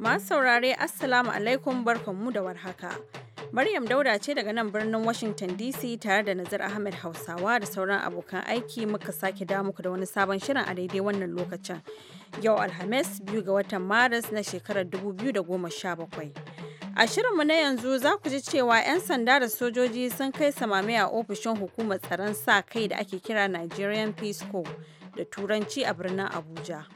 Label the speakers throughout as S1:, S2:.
S1: Masu saurare Assalamu alaikum barkanmu da warhaka. Maryam Dauda ce daga nan birnin Washington DC tare da Nazir Ahmed Hausawa da sauran abokan aiki muka sake da muku da wani sabon shirin a daidai wannan lokacin. Yau Alhamis biyu ga watan Maris na shekarar 2017. A shirinmu na yanzu za ku ji cewa 'yan sanda da sojoji sun kai samame a ofishin hukumar tsaron sa kai da ake kira Nigerian Peace Corps da Turanci a birnin Abuja.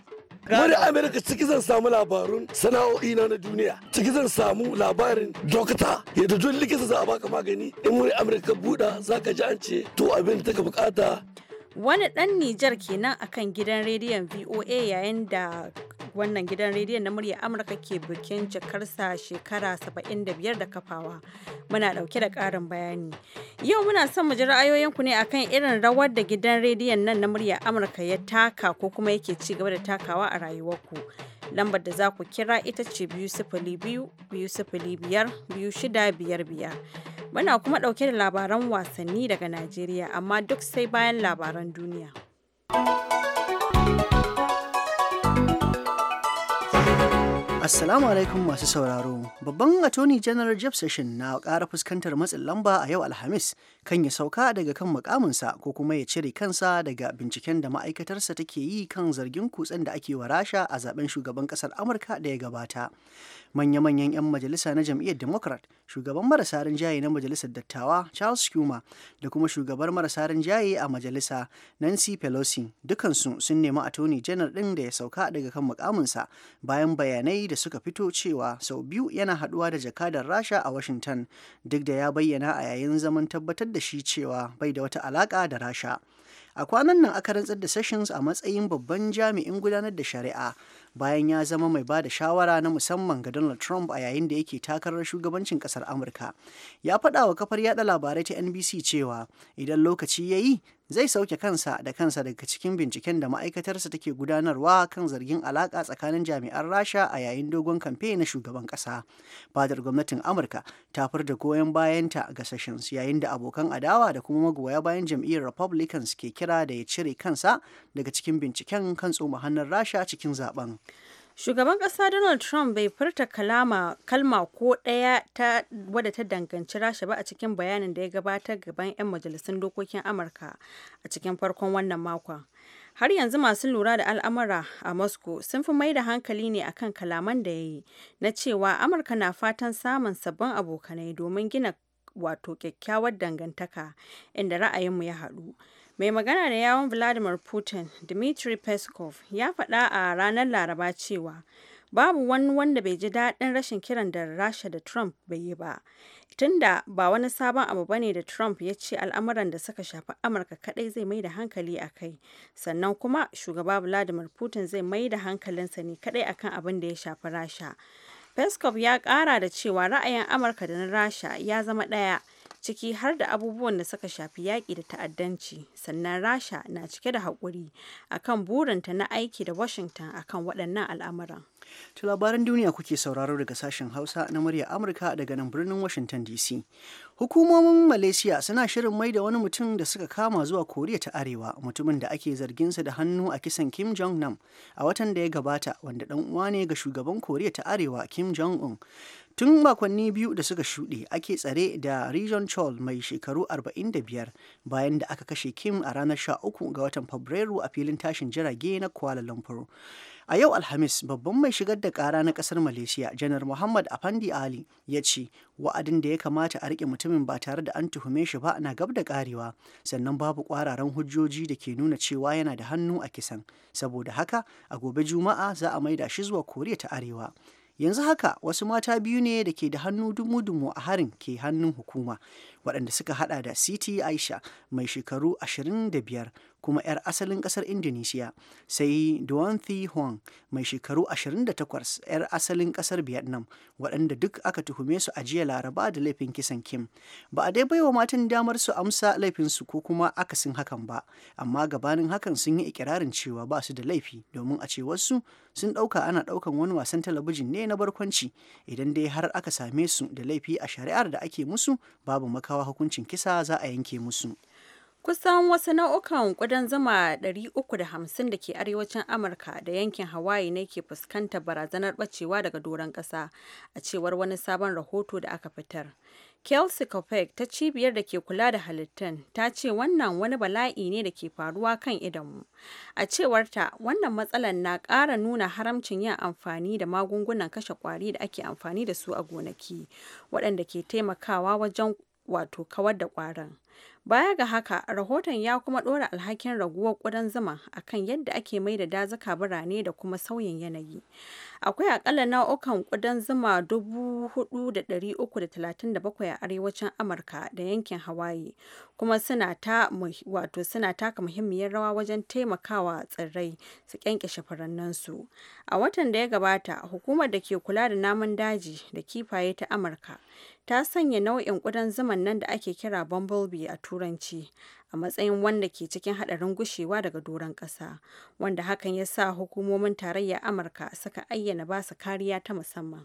S2: Wani Amerika ciki zan samu labarun sana'o'i na na duniya. Ciki zan samu labarin dokta yadda duk likita za a baka magani in wani Amerika buɗa za ka ji an ce to abin da ka bukata
S1: wani ɗan Nijar kenan akan gidan rediyon VOA yayin da wannan gidan rediyon na murya Amurka ke bikin jakarsa shekara 75 da kafawa. Muna dauke da karin bayani. Yau muna son mu ji ra'ayoyinku ne akan irin rawar da gidan rediyon nan na murya Amurka ya taka ko kuma yake ci gaba da takawa a rayuwarku. Lambar da za ku kira ita ce biyu sifili biyar biyu shida Muna kuma dauke da labaran wasanni daga Najeriya amma duk sai bayan labaran duniya.
S3: Assalamu alaikum masu sauraro. Babban Attorney General Jeff Session na ƙara fuskantar matsin lamba a yau Alhamis kan ya sauka daga kan mukaminsa ko kuma ya cire kansa daga binciken da ma'aikatarsa take yi kan zargin kutsen da ake wa Rasha a zaben shugaban ƙasar Amurka da ya gabata. manya-manyan 'yan majalisa na jam'iyyar democrat shugaban marasa rinjaye na majalisar dattawa charles schumer da kuma shugabar marasa rinjaye a majalisa nancy pelosi dukansu sun nemi attorney janar din da ya sauka daga kan mukaminsa bayan bayanai da suka fito cewa sau biyu yana haduwa da jakadar rasha a washington duk da ya bayyana a yayin zaman tabbatar da shi cewa bai da wata alaka da rasha a kwanan nan aka rantsar da sessions a matsayin babban jami'in gudanar da shari'a bayan ya zama mai ba da shawara na musamman ga Donald Trump a yayin da yake takarar shugabancin kasar Amurka. Ya faɗa wa kafar yaɗa labarai ta NBC cewa idan lokaci ya yi zai sauke kansa da kansa daga cikin binciken da ma'aikatarsa take gudanarwa kan zargin alaƙa tsakanin jami'an rasha a yayin dogon kamfe na shugaban ƙasa fadar gwamnatin amurka ta furta goyon bayanta ga sessions yayin da abokan adawa da kuma magoya bayan jam'iyyar republicans ke kira da ya cire kansa daga cikin binciken kan tsoma hannun rasha cikin zaben
S1: Shugaban ƙasa Donald Trump bai furta kalma ko ɗaya ta wadda ta danganci Rasha ba a cikin bayanin da ya gabatar gaban 'yan majalisun dokokin Amurka a cikin farkon wannan makon. Har yanzu masu lura da al'amura a Moscow sun fi mai da hankali ne akan kalaman da ya yi na cewa Amurka na fatan samun sabbin abokanai domin gina wato kyakkyawar dangantaka inda ra'ayinmu ya haɗu. Mai magana da yawun Vladimir Putin, Dmitry Peskov, ya faɗa a ranar Laraba cewa babu wani wanda bai ji daɗin rashin kiran da Rasha da Trump bai yi ba. Tunda ba wani sabon abu bane da Trump ya ce al'amuran da suka shafi Amurka kaɗai zai mai da hankali a kai. Sannan kuma shugaba Vladimir Putin zai mai da hankalinsa ne kaɗai akan abin da ya shafi Rasha. Peskov ya ƙara da cewa ra'ayin Amurka da na Rasha ya zama ɗaya. ciki har da abubuwan da suka shafi yaƙi da ta'addanci sannan rasha na cike da haƙuri akan burinta na aiki da washington akan waɗannan al'amuran
S3: tu labaran duniya kuke sauraro daga sashen Hausa na murya Amurka daga nan birnin Washington DC. Hukumomin Malaysia suna shirin mai da wani mutum da suka kama zuwa Koriya ta Arewa, mutumin da ake zarginsa da hannu a kisan Kim Jong Nam a watan da ya gabata, wanda dan uwa ne ga shugaban Koriya ta Arewa Kim Jong Un. Tun makonni biyu da suka shuɗe ake tsare da Region Chol mai shekaru 45 bayan da aka kashe Kim a ranar 13 ga watan Fabrairu a filin tashin jirage na Kuala Lumpur. A yau Alhamis babban mai shigar da kara na kasar Malaysia Janar Muhammad Afandi Ali ya ce wa'adin da ya kamata a rike mutumin ba tare da an tuhume shi ba na gab da karewa sannan babu kwararan hujjoji da ke nuna cewa yana da hannu a kisan saboda haka a gobe Juma'a za a maida shi zuwa Koriya ta Arewa. Yanzu haka wasu mata biyu ne da ke da hannu dumu-dumu a harin ke hannun hukuma waɗanda suka hada da Siti Aisha mai shekaru 25 kuma 'yar asalin ƙasar Indonesia sai Duanthi Huang mai shekaru 28 'yar asalin ƙasar Vietnam waɗanda duk aka tuhume su a Laraba da laifin kisan Kim. Ba a dai baiwa matan damar su amsa laifinsu ko kuma akasin hakan ba, amma gabanin hakan sun yi ikirarin cewa ba su da laifi domin a ce wasu sun ɗauka ana ɗaukan wani wasan talabijin ne na barkwanci idan dai har aka same su da laifi a shari'ar da ake musu babu makawa amurkawa hukuncin kisa za a yanke musu
S1: kusan wasu nau'ukan ƙudan ɗari 350 da ke arewacin amurka da yankin hawaii ne ke fuskantar barazanar bacewa daga doron ƙasa a cewar wani sabon rahoto da aka fitar Kelsey Kopek ta cibiyar da ke kula da halittun ta ce wannan wani bala'i ne da ke faruwa kan idanmu. A cewarta, wannan matsalar na ƙara nuna haramcin yin amfani da magungunan kashe kwari da ake amfani da su a gonaki, waɗanda ke taimakawa wajen wato kawar da kwarin Baya ga haka, rahoton ya kuma ɗora alhakin raguwar ƙudan zuma a kan yadda ake mai da dazuka birane da kuma sauyin yanayi. Akwai akalla nau'ukan ƙudan zuma 4,337 a arewacin Amurka da yankin Hawaii, kuma suna wato suna taka muhimmiyar rawa wajen taimakawa tsirrai su kyankyashe furanninsu. A watan da ya gabata, hukumar da ke kula da namun daji da kifaye ta Amurka ta sanya nau'in ƙudan zuman nan da ake kira bumblebee a Turanci a matsayin wanda ke cikin haɗarin gushewa daga doron ƙasa, wanda hakan ya sa hukumomin tarayyar Amurka suka ayyana ba su kariya ta musamman.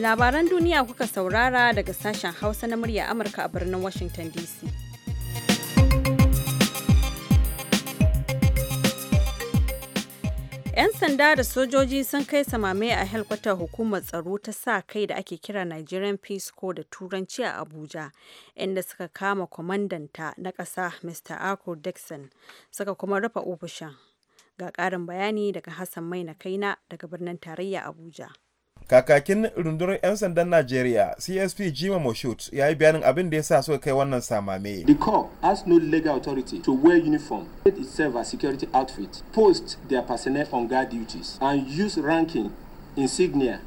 S1: Labaran duniya kuka saurara daga sashen Hausa na murya Amurka a birnin Washington DC. sanda da sojoji sun kai samame a helkwatar hukumar tsaro ta sa kai da ake kira Nigerian Peace Corps da Turanci a Abuja, inda suka kama kwamandanta na ƙasa Mr. Arthur Dixon suka kuma rufe ofishin. Ga ƙarin bayani daga Hassan Mai na kaina daga birnin tarayya Abuja.
S4: kakakin rundunar 'yan sandan najeriya csp jima moshut ya yi bayanin abin da ya sa suka kai wannan samame the corps has no legal authority to wear uniform it itself as security outfit post their personnel on guard duties and use ranking insignia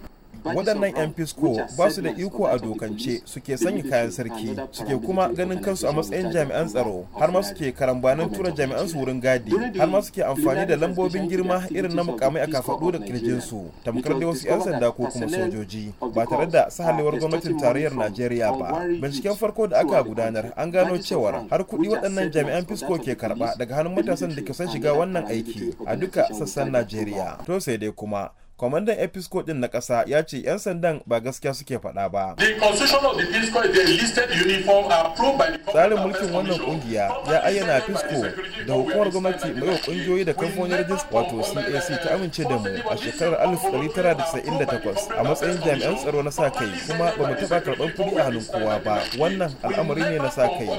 S4: waɗannan 'yan fisko ba su da iko a dokance suke sanya kayan sarki suke kuma ganin kansu a matsayin jami'an tsaro har ma suke karambanin tura jami'an su wurin gadi har ma suke amfani da lambobin girma irin na mukamai a kafaɗu da kirjinsu tamkar dai wasu 'yan sanda ko kuma sojoji ba tare da uh, sahalewar gwamnatin tarayyar najeriya ba binciken farko da aka gudanar an gano cewar har kuɗi waɗannan jami'an fisko ke karɓa daga hannun matasan da ke son shiga wannan aiki a duka sassan najeriya to sai dai kuma kwamandan episco din na ƙasa ya ce 'yan sandan ba gaskiya suke faɗa ba tsarin mulkin wannan kungiya ya ayyana fisco da hukumar gwamnati mai wa kungiyoyi da kamfanin rajista wato cac ta amince da mu a shekarar 1998 a matsayin jami'an tsaro na sa kai kuma ba mu taɓa karɓar kuɗi a hannun kowa ba wannan al'amari ne na sa kai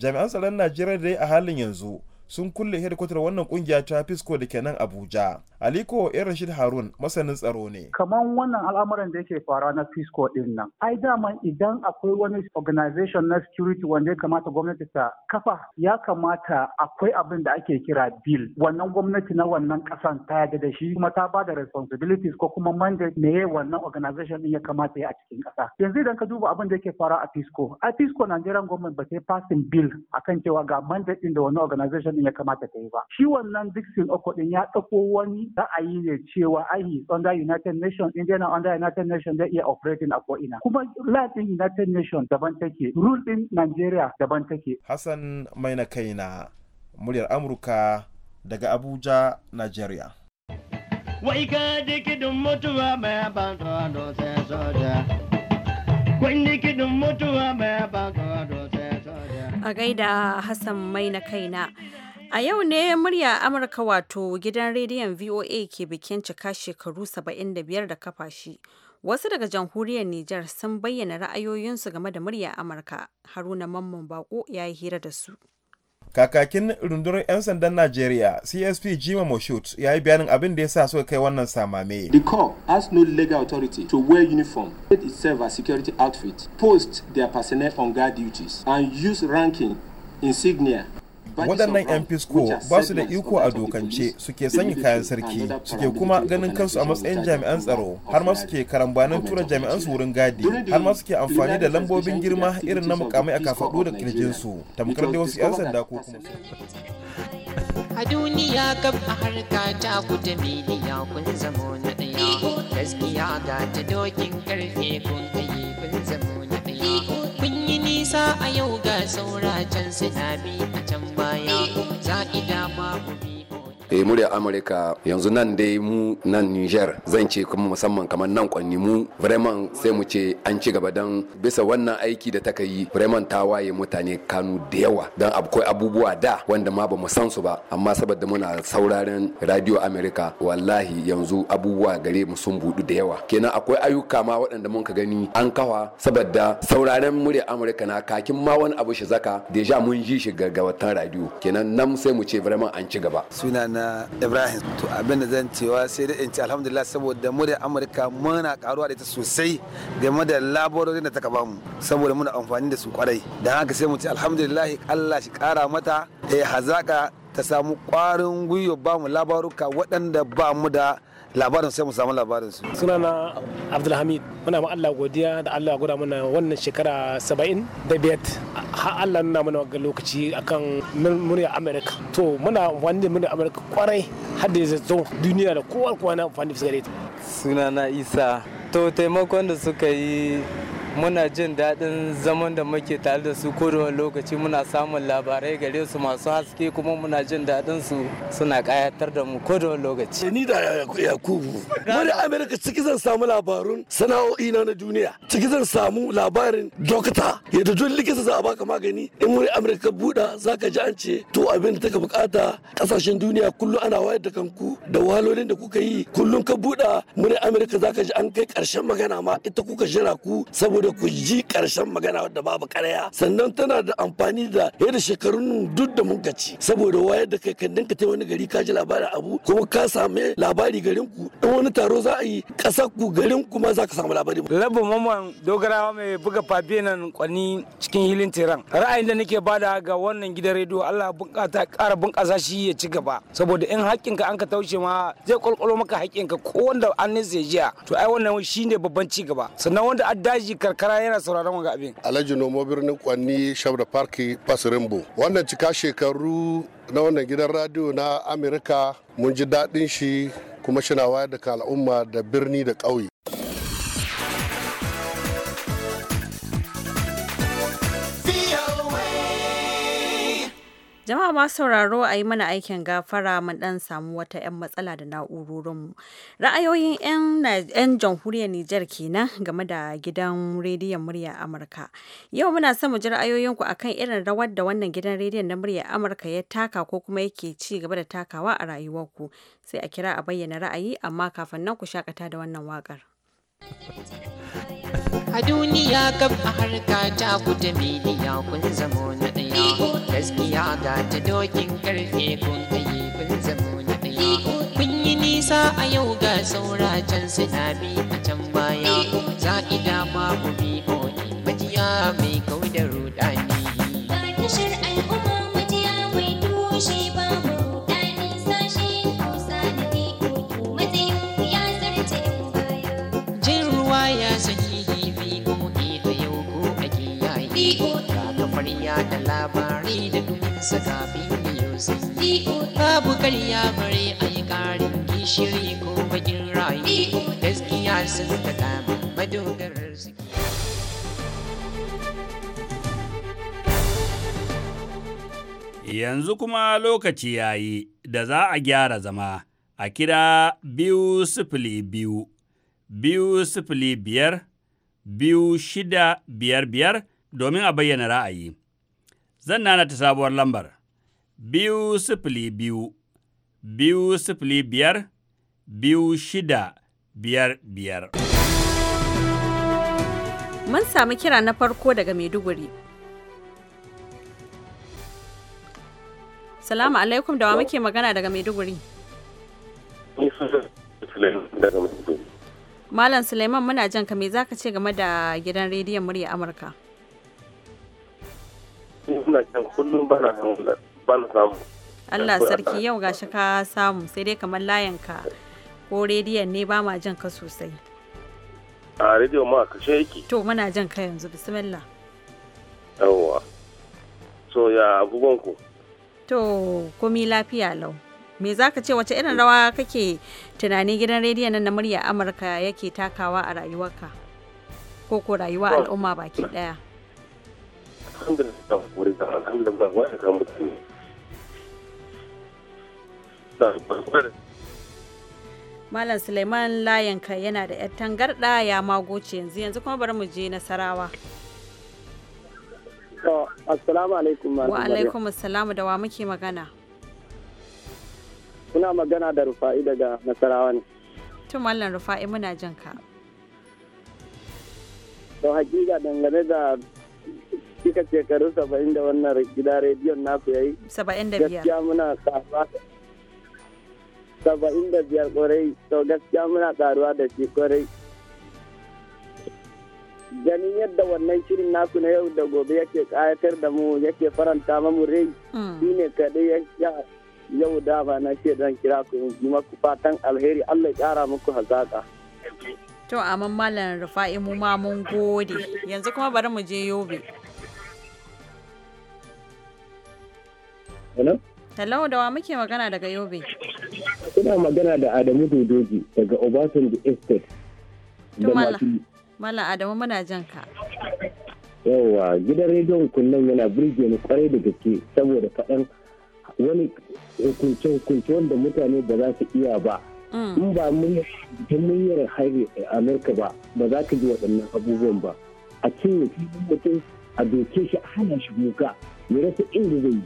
S4: jami'an tsaron najeriya dai a halin yanzu sun kulle hedikwatar wannan kungiya ta fisco da kenan nan abuja aliko yan rashid harun masanin tsaro ne
S5: kamar wannan al'amuran da yake fara na fisco din nan ai dama idan akwai wani organization na security wanda ya kamata gwamnati ta kafa ya kamata akwai abin da ake kira bill wannan gwamnati na wannan kasan ta yarda da shi kuma ta ba da responsibilities ko kuma mandate me wannan organization din ya kamata ya a cikin kasa yanzu idan ka duba abin da yake fara a fisco a fisco nigerian government ba ta yi passing bill akan cewa ga mandate din da wannan organization ya kamata ta yi ba shi wannan Dixon Oko din ya ɗauko wani ra'ayi ne cewa ahi under United
S2: Nations in under United Nations zai iya operating a ko'ina, kuma laifin United Nations daban take rule din Nigeria daban take
S4: Hassan mai na kaina muryar Amurka daga Abuja Nigeria
S2: wai ka kidin mutuwa mai ban tsoro sai soja kun kidin mutuwa mai
S1: ban tsoro sai soja a gaida Hassan mai na kaina A yau ne murya Amurka wato gidan rediyon VOA ke bikin cika shekaru 75 da kafa shi. Wasu daga jamhuriyar Nijar sun bayyana ra'ayoyinsu game da murya Amurka. Haruna Mamman Bako ya yi hira da su.
S4: Kakakin rundunar 'yan sandan Najeriya CSP Jima Moshut ya yi bayanin abin da ya sa suka kai wannan samame. The
S1: corps has
S4: no legal authority to wear uniform, set itself as security outfit, post their personnel on guard duties, and use ranking, insignia, waɗannan 'yan fisko ba su da iko a dokance suke sanya kayan sarki suke kuma ganin kansu a matsayin jami'an tsaro har ma suke karambanin tura jami'an su wurin gadi har ma suke amfani da lambobin girma irin na mukamai a kafaɗu da kirjinsu tamkar da wasu 'yan sanda ko kuma
S6: a duniya gab a harka ta ku da miliya kun zamo na ɗaya gaskiya ga ta dokin karfe kun kai nisa a yau ga sauracen sinabi a can baya za'ida
S2: eh murya amurka yanzu nan dai mu nan niger zan ce kuma musamman kamar nan kwanni mu vraiment sai mu ce an ci gaba dan bisa wannan aiki da taka yi vraiment ta waye mutane kanu da yawa dan akwai abubuwa da wanda ma ba mu san su ba amma saboda muna sauraren radio america wallahi yanzu abubuwa gare mu sun budu da yawa kenan akwai ayyuka ma waɗanda mun ka gani an kawa saboda sauraren murya amurka na kakin ma wani abu shi zaka deja mun ji shi ga watan radio kenan nan sai mu ce vraiment an ci gaba na ibrahim to abin da zan cewa sai da in alhamdulillah saboda mu da amurka muna karuwa da ita sosai game da labarorin da ta kaba mu saboda muna amfani da su kwarai da haka sai mu ce alhamdulillah allah shi kara mata eh, hazaka ta samu kwarin gwiwa bamu labaruka waɗanda ba mu da labarin sai mu samu labarin su sunana abdulhamid muna ma Allah godiya da Allah guda mana wannan shekara 70 da biyat ha Allah nuna mana wani lokaci akan murya America to muna wani murya America kwarai har da zato duniya da kowa kowa na amfani da na Isa to taimakon da suka yi muna jin daɗin zaman da muke tare da su ko da lokaci muna samun labarai gare su masu haske kuma muna jin daɗin su suna ƙayatar da mu ko da lokaci. Ni da Yakubu. Mari Amerika ciki zan samu labarun sana'o'i na na duniya. Ciki zan samu labarin dokta yadda duk likita za a baka magani in wani Amerika buɗa za ka ji an ce to abin da ka bukata ƙasashen duniya kullum ana wayar da kanku da wahalolin da kuka yi kullum ka buɗa muni Amerika za ka ji an kai ƙarshen magana ma ita kuka jira ku saboda saboda ku ji karshen magana wadda babu karya sannan tana da amfani da yadda shekarun duk da mun ci saboda wayar da kai kandin ka wani gari ka ji labarin abu kuma ka same labari garin ku in wani taro za a yi kasar ku garin ku ma za ka samu labari rabu mamman dogarawa mai buga fabe nan kwani cikin hilin tiran ra'ayin da nake bada ga wannan gidan rediyo Allah bunkata ƙara bunkasa shi ya ci gaba saboda in haƙƙinka an ka taushe ma zai kwalkwalo maka haƙƙinka ko wanda an nisa jiya to ai wannan shine babban ci gaba sannan wanda a addaji kar karkara yana sauraron wanga abin alhaji nomo birnin kwanni shabda parki pasirembo wannan cika shekaru na wannan gidan radio na amerika mun ji daɗin shi kuma shina wayar da al'umma da birni da
S1: ƙauye Jama'a masu sauraro a yi mana aikin gafara mun dan samu wata 'yan matsala da mu Ra'ayoyin 'yan jamhuriyar Nijar kenan game da gidan rediyon murya Amurka. Yau muna son mu ji ra'ayoyinku akan irin rawar da wannan gidan rediyon na murya Amurka ya taka ko kuma yake ci gaba da takawa a rayuwarku. Sai a kira a bayyana ra'ayi amma kafin nan ku shakata da wannan wakar. a duniya kan a harka ta ku da
S6: miliya kun zamo na ɗaya gaskiya ga ta dokin karfe kun kaye kun zamo na ɗaya kun yi
S1: nisa a yau ga saura
S6: can na bi a can baya Za za'ida babu bi majiya mai kau da ƙwarya da labarai da duminsa kafin yau sai babu karya bare a yi ƙarin gishiri ko bakin rayu gaskiya sun ta kama madogarar su
S2: Yanzu kuma lokaci ya yi da za a gyara zama a kira biyu sifili biyu, biyu sifili biyar, biyu shida biyar biyar domin a bayyana ra'ayi. Zan nana ta sabuwar lambar biyu sifili biyu, biyu sifili biyar, biyu shida biyar biyar.
S1: Mun sami kira na farko daga Maiduguri. Salamu alaikum da wa muke magana daga Maiduguri. Malam Suleiman muna jan ka me zaka ce game da gidan rediyon murya Amurka?
S2: ina can kullum bana bana samu
S1: Allah sarki yau gashi ka samu sai dai kamar layan ka ko rediyon ne ba ma jan ka sosai
S2: a rediyo ma kashe yake
S1: to muna jan ka yanzu bismillah
S2: yawwa so ya abubuwan ku
S1: to komi lafiya lau me za ka ce wace irin rawa kake tunanin gidan rediyon nan na murya amurka yake takawa a rayuwarka ko ko rayuwa al'umma baki daya Malam Suleiman Layanka yana da 'yar tangarɗa ya magoce yanzu yanzu kuma bari mu je Nasarawa.
S2: Assalamu alaikum Wa alaikum
S1: assalamu da wa muke magana.
S2: Muna magana da Rufa'i daga Nasarawa ne.
S1: Tun Mallan Rufa'i muna jin ka.
S2: To hakika dangane da cika shekaru saba'in da wannan gida rediyon naku ya yi.
S1: Saba'in da biyar. Gaskiya
S2: muna karuwa saba'in da biyar kwarai, to gaskiya muna karuwa da shi kwarai. Ganin yadda wannan shirin naku na yau da gobe yake kayatar da mu yake faranta mamu rai, hmm. shi ne kaɗai ya yau dama na ce zan kira ku yi maku fatan alheri Allah ya ƙara muku hazaƙa.
S1: To amma malam Rufa'i mu ma mun gode. Yanzu kuma bari mu je Yobe. Hello, da wa muke magana daga Yobe?
S2: Ina magana da Adamu Dodoji daga Obasanjo Estate.
S1: Mala Adamu muna jan ka.
S2: Yawwa gidan rediyon kunnan yana birge ni kwarai da gaske saboda faɗan wani hukunce-hukunce wanda mutane ba za su iya ba. Mm. In ba ta muryar haire Amurka ba, ba za ka ji waɗannan abubuwan ba. A cikin mutum a doke shi a hana shi kuka, ya rasa inda zai yi.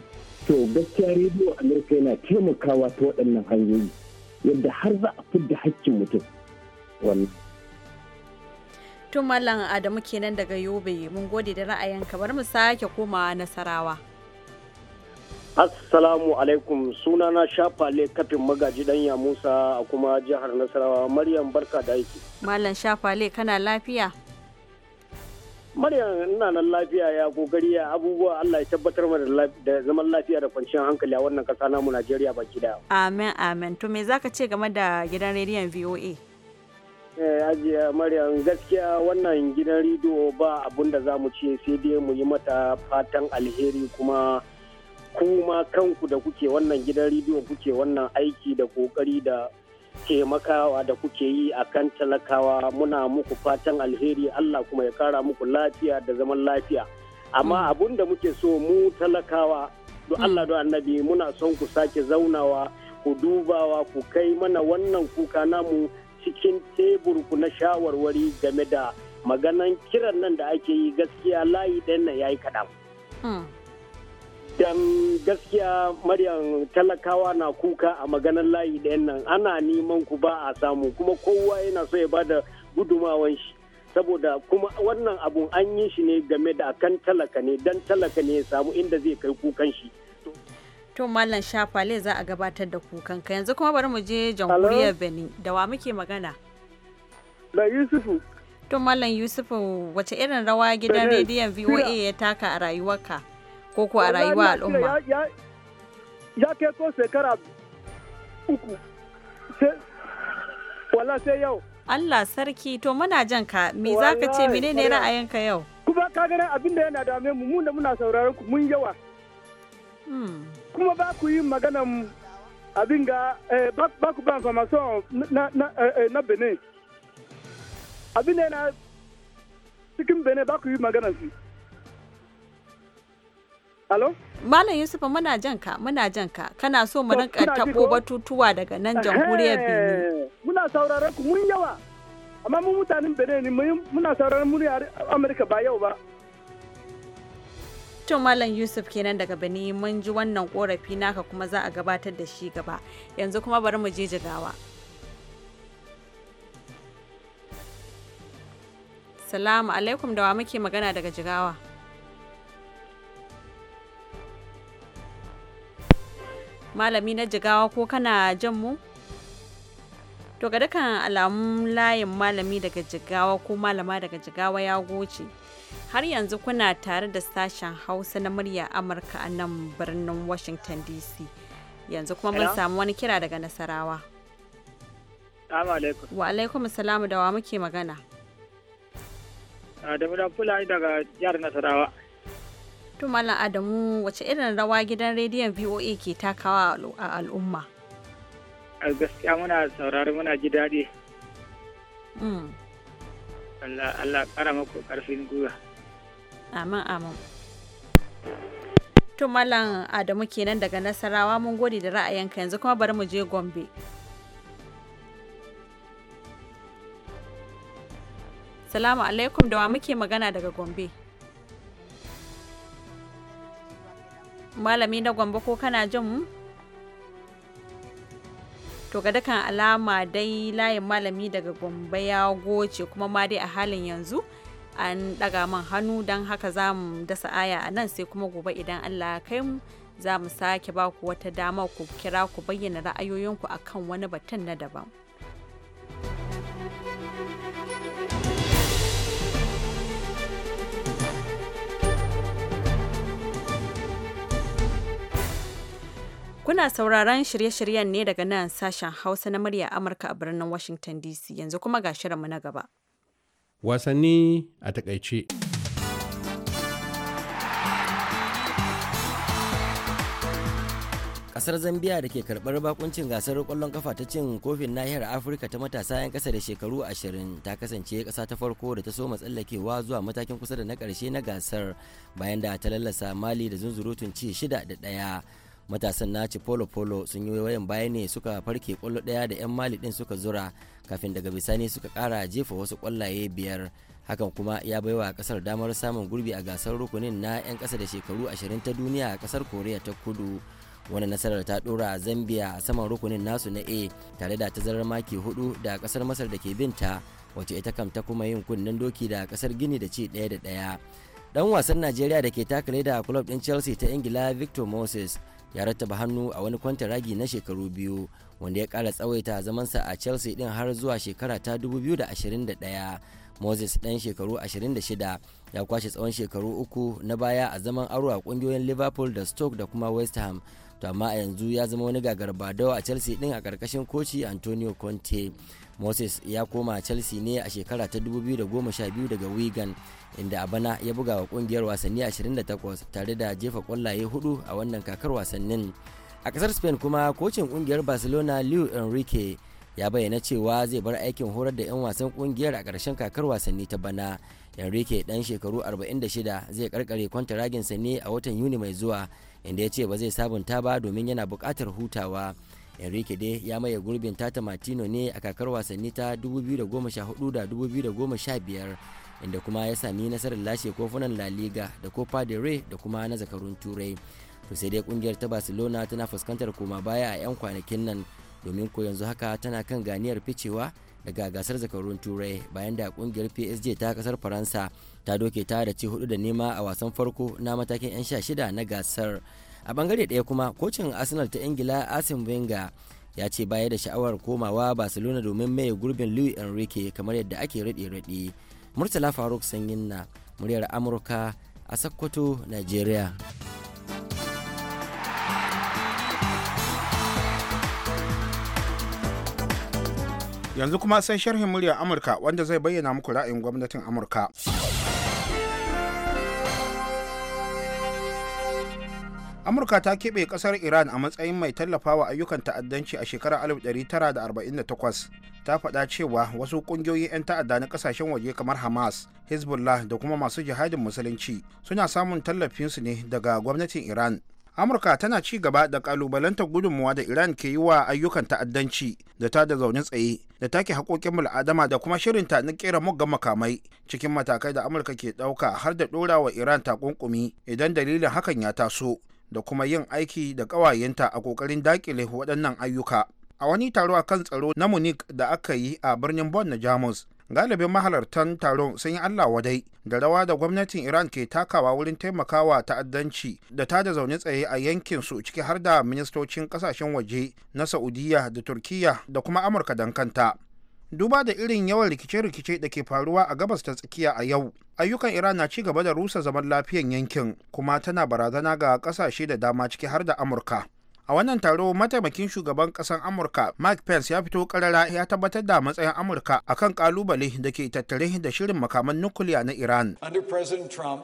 S2: to gaskiya rediyo amurka yana taimakawa ta waɗannan hanyoyi yadda har za a fidda hakkin mutum wannan
S1: tun mallam adamu kenan daga yobe mun gode da ra'ayin kamar mu sake koma nasarawa
S2: assalamu alaikum sunana shafale kafin magaji danya musa a kuma jihar nasarawa maryam barka da aiki
S1: mallam shafale kana lafiya Maryam ina nan lafiya
S2: ya kogari ya abubuwa Allah ya tabbatar mana da zaman lafiya da kwanciyar hankali a wannan kasa namu Najeriya baki
S1: daya. Amin amin. To me zaka ce game da gidan rediyon VOA? Eh,
S2: ajiya maryam gaskiya wannan gidan rediyo ba abun da zamu mu ce sai dai mu yi mata fatan alheri kuma kuma kanku da kuke wannan gidan rediyo kuke wannan aiki da kokari da taimakawa da kuke yi a kan talakawa muna muku fatan alheri Allah kuma ya kara muku lafiya da zaman lafiya amma mm. abun da muke so mu talakawa do mm. Allah do annabi muna son ku sake zaunawa ku dubawa ku kai mana wannan kuka namu cikin tebur ku na shawarwari game da maganan kiran nan da ake yi gaskiya layi ɗayan nan ya yi kaɗan. Mm. Dan gaskiya Maryam talakawa na kuka a maganar layi ɗayan nan ana neman ku ba a samu kuma kowa yana so ya ba da gudumawan shi. Saboda kuma wannan abun an yi shi ne game da akan talaka ne dan talaka ne ya samu inda zai kai kukan shi.
S1: To Mallam Shafale za a gabatar da kukan ka yanzu kuma bari mu je jamhuriyar Benin da wa muke magana. Da Yusufu. To Mallam Yusufu wace irin rawa gidan rediyon VOA ya taka a rayuwarka? ko ko a rayuwa al'umma ya ke ko shekara uku wala sai yau Allah sarki to muna jan ka me za ka ce mene ne ra'ayinka yau kuma ka gane abin da yana dame mu
S2: mun da muna sauraron ku mun yawa hmm. kuma ba ku yi magana abin ga eh, ba ku ba information eh, na Benin abin da yana cikin Benin ba ku yi magana su
S1: Alo? Malam Yusuf muna jan ka muna jan ka kana so mu rinka tabo batutuwa daga nan jamhuriyar Benin.
S2: Muna sauraron ku mun yawa. Amma mu mutanen Benin muna sauraron muryar Amurka ba yau ba.
S1: To Malam Yusuf kenan daga Benin mun ji wannan korafi naka kuma za a gabatar da shi gaba. Yanzu kuma bari mu je jigawa. Salamu alaikum da wa muke magana daga jigawa. malami na jigawa ko kana jan mu to ga dukkan alamun layin malami daga jigawa ko malama daga jigawa ya goce har yanzu kuna tare da sashen hausa na murya amurka a nan birnin washington dc yanzu kuma mun samu wani kira daga nasarawa wa alaikum salamu da wa muke magana
S2: ah, da fulani daga jihar nasarawa
S1: To Malam Adamu wace irin rawa gidan rediyon VOA ke takawa a al'umma?
S2: A gaskiya muna saurari muna ji daɗi. Mm. Allah ƙara maku ƙarfin gwiwa.
S1: Amin amin. To Malam Adamu kenan daga Nasarawa mun gode da ra'ayinka yanzu kuma bari mu je Gombe. Salamu alaikum da wa muke magana daga Gombe. malami na gwamba ko kana jin mu to ga dukkan alama dai layin malami daga gwamba ya goce kuma ma dai a halin yanzu an daga man hannu don haka za mu dasa aya a nan sai kuma gobe idan allah kai mu za mu sake ba ku wata dama ku kira ku bayyana ra'ayoyinku akan wani batun na daban. Kuna sauraron shirye-shiryen ne daga nan sashen Hausa na murya Amurka a birnin Washington DC yanzu kuma ga shirinmu na gaba.
S6: Wasanni a takaice. kasar zambia da ke karɓar bakuncin gasar kwallon kafa ta cin kofin nahiyar afirka ta matasa 'yan kasa da shekaru 20 ta kasance ƙasa ta farko da ta so tsallakewa zuwa matakin kusa da na karshe na gasar bayan da ta lallasa mali da zunzurutun ci shida da ɗaya matasan na polo polo sun yi wayan baya ne suka farke kwallo daya da 'yan mali din suka zura kafin daga bisani suka kara jefa wasu kwallaye biyar hakan kuma ya baiwa kasar damar samun gurbi a gasar rukunin na 'yan kasa da shekaru ashirin ta duniya a kasar koriya ta kudu wani nasarar ta dora zambia a saman rukunin nasu na a tare da tazarar maki hudu da kasar masar da ke binta wace ita kam ta kuma yin kunnen doki da kasar gini da ci daya da daya dan wasan najeriya da ke takale da club din chelsea ta ingila victor moses ya rattaba hannu a wani ragi na shekaru biyu wanda ya kara tsawaita zamansa a chelsea din har zuwa shekara ta 2021 moses dan shekaru 26 ya kwashe tsawon shekaru uku na baya a zaman aro a kungiyoyin liverpool da stoke da kuma west ham to amma a yanzu ya zama wani gagarba dawa a chelsea din a karkashin koci antonio conte moses ya koma chelsea ne a shekara ta 2012 daga wigan inda a bana ya buga wa kungiyar wasanni 28 tare da jefa kwallaye hudu a wannan kakar wasannin a kasar spain kuma kocin kungiyar barcelona leo enrique ya bayyana cewa zai bar aikin horar da 'yan wasan kungiyar a ƙarshen kakar wasanni ta bana enrique dan shekaru 46 zai karkare kwantaraginsa ne a watan yuni mai zuwa inda ya ce ba zai sabunta ba domin yana bukatar hutawa enrique dai ya maye gurbin tata martino ne a kakar wasanni ta 2014 da 2015 inda kuma ya sami nasarar lashe kofunan la liga da copa del rey da kuma na zakarun turai to sai dai kungiyar ta barcelona tana fuskantar koma baya a 'yan kwanakin nan domin ko yanzu haka tana kan ganiyar ficewa daga gasar zakarun turai bayan da kungiyar psg ta kasar faransa ta doke ta da ci hudu da nema a wasan farko na matakin 'yan sha shida na gasar a bangare ɗaya kuma kocin arsenal ta ingila asin wenger ya ce baya da sha'awar komawa barcelona domin mai gurbin louis enrique kamar yadda ake raɗe-raɗe murtala faruk sanyin na muryar amurka a sakkwato
S5: nigeria yanzu kuma sai sharhin muryar amurka wanda zai bayyana muku ra'ayin gwamnatin amurka amurka ta keɓe ƙasar iran a matsayin mai tallafawa ayyukan ta'addanci a shekarar 1948 ta faɗa cewa wasu ƙungiyoyi 'yan ta'adda na ƙasashen waje kamar hamas hezbollah da kuma masu jihadin musulunci suna samun tallafinsu ne daga gwamnatin iran amurka tana ci gaba da kalubalanta gudunmuwa da iran ke yi wa ayyukan ta'addanci da ta da zaune tsaye da take haƙoƙin mul'adama da kuma shirinta na ƙera muggan makamai cikin matakai da amurka ke ɗauka har da ɗora wa iran takunkumi idan dalilin hakan ya taso da kuma yin aiki da ƙawayenta a ƙoƙarin dakile waɗannan ayyuka. A wani taro a kan tsaro na Munich da aka yi a birnin Bonn na Jamus, galibin mahalartan taron sun yi Allah wadai da rawa da gwamnatin Iran ke takawa wurin taimakawa ta'addanci da ta da zaune tsaye a yankin su ciki har da ministocin kasashen waje na Saudiya da turkiyya da kuma Amurka dan kanta. duba da irin yawan rikice-rikice da ke faruwa a gabas ta tsakiya a yau ayyukan iran na ci gaba da rusa zaman lafiyan yankin kuma tana barazana ga kasashe da dama ciki har da amurka a wannan taro mataimakin shugaban kasan amurka mike pence ya fito karara ya tabbatar da matsayin amurka a kan kalubale da ke tattare da shirin makaman nukuliya na iran
S3: under president trump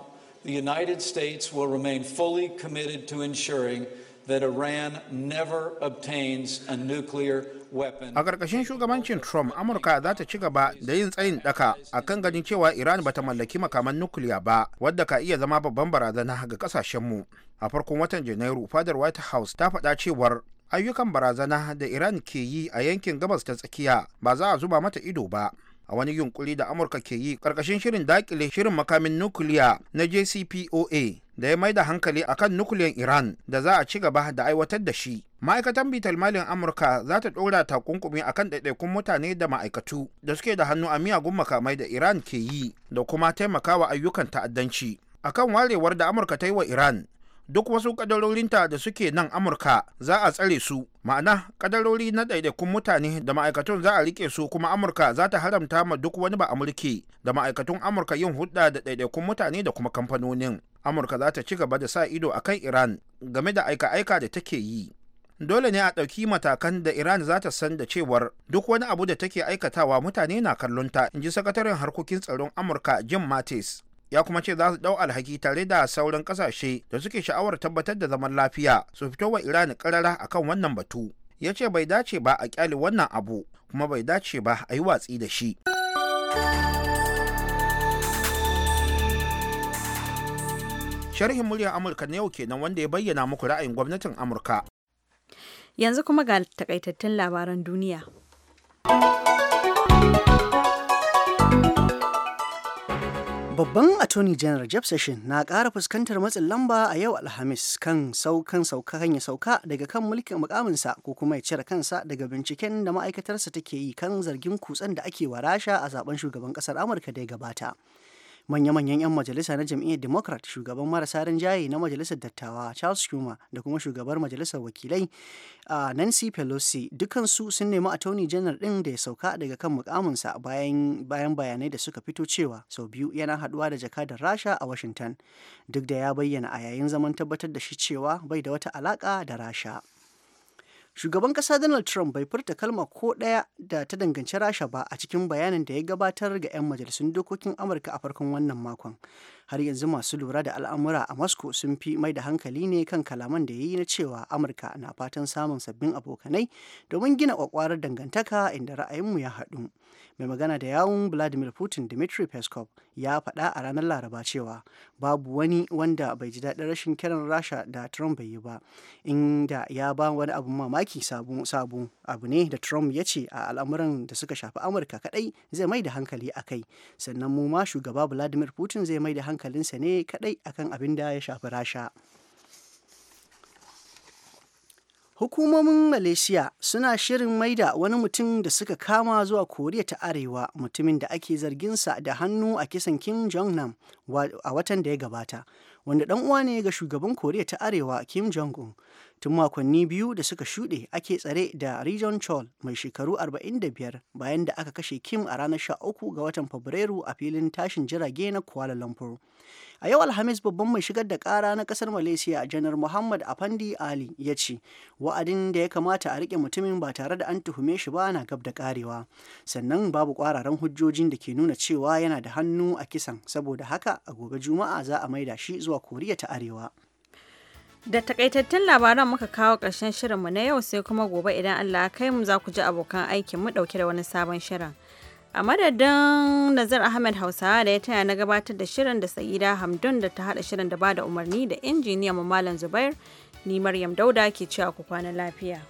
S3: the united states will remain fully committed to ensuring that Iran never obtains a nuclear weapon. A
S5: ƙarƙashin shugabancin Trump, Amurka za ta ci gaba da yin tsayin daka a kan ganin cewa Iran ba ta mallaki makaman nukiliya ba, wadda ka iya zama babban barazana ga ƙasashenmu. A farkon watan Janairu, fadar White House ta faɗa cewar ayyukan barazana da Iran ke yi a yankin gabas ta tsakiya ba za a zuba mata ido ba. a wani yunkuri da amurka ke yi ƙarƙashin shirin dakile shirin makamin nukiliya na jcpoa da ya mai da hankali a kan nukiliyan Iran da za a ci gaba da aiwatar da shi. Ma'aikatan Bital Malin Amurka za ta ɗora takunkumi kan ɗaiɗaikun mutane da ma'aikatu da suke da hannu a miyagun makamai da Iran ke yi da kuma taimakawa ayyukan ta'addanci. Akan warewar da Amurka ta yi wa Iran duk wasu kadarorinta da suke nan amurka za a tsare su ma'ana kadarori na ɗaiɗaikun mutane da ma'aikatun za a rike su kuma amurka za ta haramta ma duk wani ba amurki da ma'aikatun amurka yin hudda da ɗaiɗaikun mutane da kuma kamfanonin amurka za ta ci gaba da sa ido a kan iran game da aika-aika da take yi dole ne a ɗauki matakan da iran za ta san da cewar duk wani abu da take aikatawa mutane na kallonta in ji sakataren harkokin tsaron amurka jim mattis ya kuma ce za su dau alhaki tare da sauran kasashe da suke sha'awar tabbatar da zaman lafiya su fito wa iran karara akan wannan batu ya ce bai dace ba a kyale wannan abu kuma bai dace ba a yi watsi da shi sharhin muryar amurka na yau kenan wanda ya bayyana muku ra'ayin gwamnatin amurka
S1: yanzu kuma ga takaitattun labaran duniya
S3: Babban Atoni General Jeff Sessions na ƙara fuskantar matsin lamba a yau Alhamis kan saukan sauka kan sauka daga kan mulkin mukaminsa ko kuma ya cire kansa daga binciken da ma'aikatarsa take yi kan zargin kutsen da ake warasha a zaben shugaban ƙasar Amurka da ya gabata. manya-manyan 'yan majalisa na jam'iyyar democrat shugaban marasa rinjaye na majalisar dattawa charles schumer da kuma shugabar majalisar wakilai a nancy pelosi dukansu sun nemi attorney janar din da ya sauka daga kan mukaminsa bayan bayan bayanai da suka fito cewa sau biyu yana haduwa da jakadar rasha a washington duk da ya bayyana a yayin zaman tabbatar da shi cewa bai da wata alaka da rasha shugaban ƙasa donald trump bai furta kalma ko ɗaya da ta danganci rasha ba a cikin bayanin da ya gabatar ga 'yan majalisun dokokin amurka a farkon wannan makon har yanzu masu lura da al'amura a moscow sun fi mai da hankali ne kan kalaman da ya yi na cewa amurka na fatan samun sabbin abokanai domin gina kwakwarar dangantaka inda ra'ayinmu ya haɗu mai magana da yawun vladimir putin dmitry peskov ya faɗa a ranar laraba cewa babu wani wanda bai ji daɗin rashin kiran rasha da trump bai yi ba inda ya ba wani abin mamaki sabu-sabu, abu ne da trump ya ce a al'amuran da suka shafi amurka kaɗai zai mai da hankali a kai sannan mu ma shugaba vladimir putin zai mai da hankalinsa ne kaɗai akan abin da ya shafi rasha Hukumomin Malaysia suna shirin maida wani mutum da suka kama zuwa Koriya ta Arewa mutumin da ake zarginsa da hannu a kisan Kim Jong-nam a watan da ya gabata. wanda dan uwa ne ga shugaban koriya ta arewa kim jong-un tun makonni biyu da suka shuɗe ake tsare da region chol mai shekaru 45 bayan da aka kashe kim a ranar 13 ga watan fabrairu a filin tashin jirage na kuala lumpur a yau alhamis babban mai shigar da kara na kasar malaysia janar muhammad afandi ali ya ce wa'adin da ya kamata a rike mutumin ba tare da an tuhume shi ba na gab da karewa sannan babu kwararan hujjojin da ke nuna cewa yana da hannu a kisan saboda haka a gobe juma'a za a maida shi zuwa zuwa koriya ta arewa
S1: da takaitattun labaran muka kawo ƙarshen shirinmu na yau sai kuma gobe idan allah kai mu za ku ji abokan aikin mu ɗauke da wani sabon shirin a madadin nazar ahmed hausawa da ya taya na gabatar da shirin da sa'ida hamdun da ta hada shirin da bada umarni da injiniya mu malam zubair ni maryam dauda ke cewa ku kwana lafiya